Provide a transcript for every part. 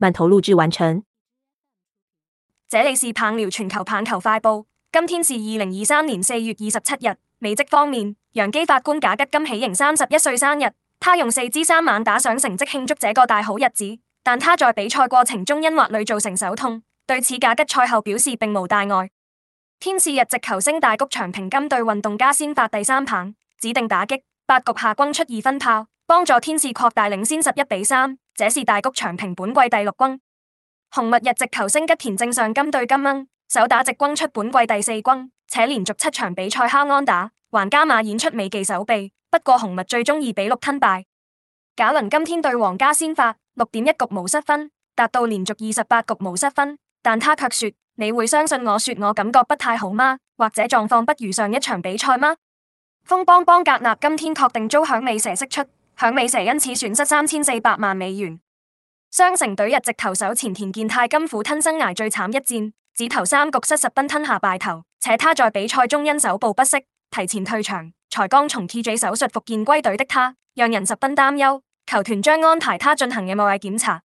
慢投錄製完成。這裏是棒聊全球棒球快報。今天是二零二三年四月二十七日。美職方面，洋基法官賈吉今喜迎三十一歲生日，他用四支三猛打賞成績慶祝這個大好日子。但他在比賽過程中因滑壘造成手痛，對此賈吉賽後表示並無大礙。天使日籍球星大谷翔平今對運動家先發第三棒，指定打擊八局下轟出二分炮。幫助天使擴大領先十一比三，這是大谷翔平本季第六轟。紅襪日籍球星吉田正尚今，對金鶯手打直轟出本季第四轟，且連續七場比賽敲安打，還加碼演出美技手臂。不過紅襪最終二比六吞敗。賈倫今天對皇家先發六點一局無失分，達到連續二十八局無失分。但他卻說：你會相信我說我感覺不太好嗎？或者狀況不如上一場比賽嗎？豐邦邦格納今天確定遭響尾蛇釋出。響尾蛇因此損失三千四百萬美元。雙城隊日籍投手前田健太今苦吞生涯最慘一戰，只投三局失十分吞下敗投，且他在比賽中因手部不適提前退場。才剛從 TJ 手術復健歸隊的他，讓人十分擔憂。球團將安排他進行嘅物理檢查。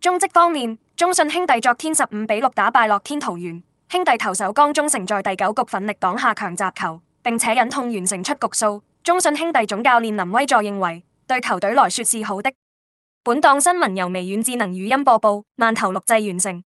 中職方面，中信兄弟昨天十五比六打敗樂天桃園，兄弟投手江中誠在第九局奮力擋下強襲球，並且忍痛完成出局數。中信兄弟總教練林威助認為。對球隊來說是好的。本檔新聞由微軟智能語音播報，慢投錄製完成。